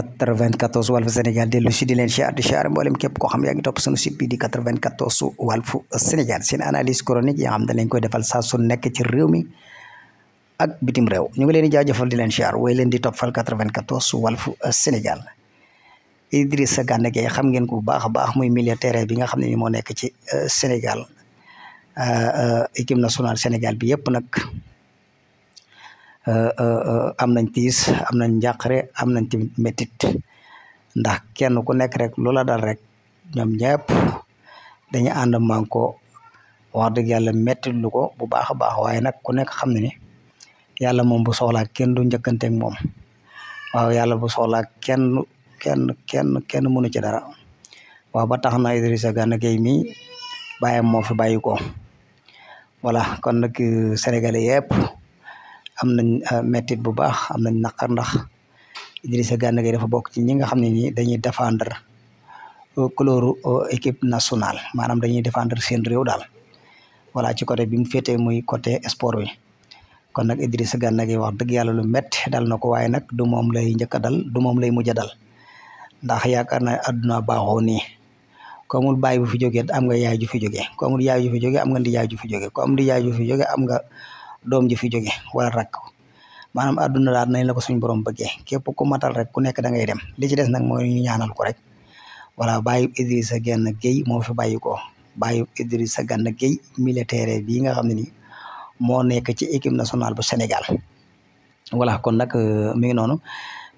94 Walf Sénégal dellu si di leen siyaar di siyaar mboolem képp koo xam yaa ngi topp sunu site bi di Sénégal seen analyse chronique yi nga xam koy defal saa su ci réew mi ak bitim réew ñu ngi leen di jaajëfal di leen siyaar way leen di toppal 94 Walf Sénégal Idrissa Gana xam ngeen ko bu baax a baax muy militaire bi nga xam ne ni moo nekk ci euh, Sénégal euh, euh, équipe nationale Sénégal bi yëpp nag Euh, euh, euh, am nañ tiis am nañ njàqare am nañ tamit metit ndax kenn ku nekk rek loola dal rek ñoom ñëpp dañu ànd mànkoo wax dëgg yàlla méttit lu ko bu baax a baax waaye nag ku nekk xam ne ni yàlla moom bu soxlaa kenn du njëkkanteeg moom waaw yàlla bu soxlaa kenn kenn kenn kenn mënu ci dara waaw ba tax na Idrissa Gana Gueye mi bàyyam moo fi bàyyi ko kon nag sénégalais yëpp am na euh, metit bu baax am nañ naqar ndax Idrissa Gana Gueye dafa bokk ci ñi nga xam ne nii dañuy défendre euh, couleur euh, équipe nationale maanaam dañuy défendre seen réew daal voilà ci côté bi mu féetee muy côté sport bi kon nag Idrissa Gana Gueye wax dëgg yàlla lu métti dal na ko waaye nag du moom lay njëkk dal du moom lay mujj a dal ndax yaakaar na àdduna baaxoo nii ku amul baay bu fi jógee am nga yaay ju fi jógee ku amul yaay ju fi jógee am nga ndijaay fi jógee am nga doom ji fi jóge wala rakk maanaam àdduna daal nañ la ko suñ borom bëggee képp ku matal rek ku nekk da ngay dem li ci des nag mooy ñu ñaanal ko rek voilà bàyyi Idrissa Gana Gueye moo fi bàyyi ko bàyyi Idrissa Gana Gueye militaire bii nga xam ne ni moo nekk ci équipe nationale bu Sénégal kon nag euh, mi ngi noonu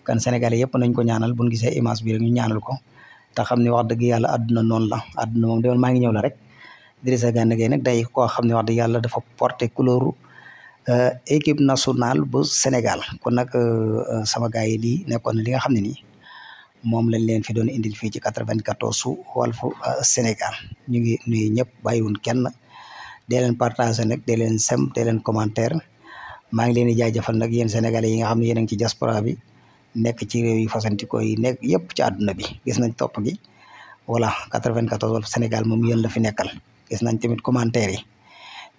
kan Sénégalais yëpp nañ ko ñaanal buñ gisee image bi rek ñu ñaanal ko te xam ne wax dëgg yàlla àdduna noonu la àdduna moom demal maa ngi ñëw la rek a Gana Gueye nag day koo xam ne wax dëgg yàlla dafa porté couleur Euh, équipe nationale bu Sénégal kon nag euh, euh, sama gars yi lii nekkoon li nga xam ne nii moom lañ leen fi doon indil fii ci quatre-vingt-quatorze su Walfu Sénégal ñu ngi nuyu ñëpp bàyyiwun kenn dee leen partagé nag dee leen sem dee leen commentaire maa ngi leen di jaajëfal nag yéen sénégalais yi nga xam ne yéen a ngi ci diaspora bi nekk ci réew yi fasantikoo yi nekk yëpp ci àdduna bi gis nañ topp gi voilà 94 Walf Sénégal moom yéen la fi nekkal gis nañ tamit commentaire yi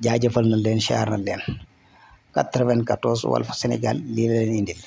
jaajëfal na leen siyaar nañ leen 94 Walf Sénégal lii la leen indil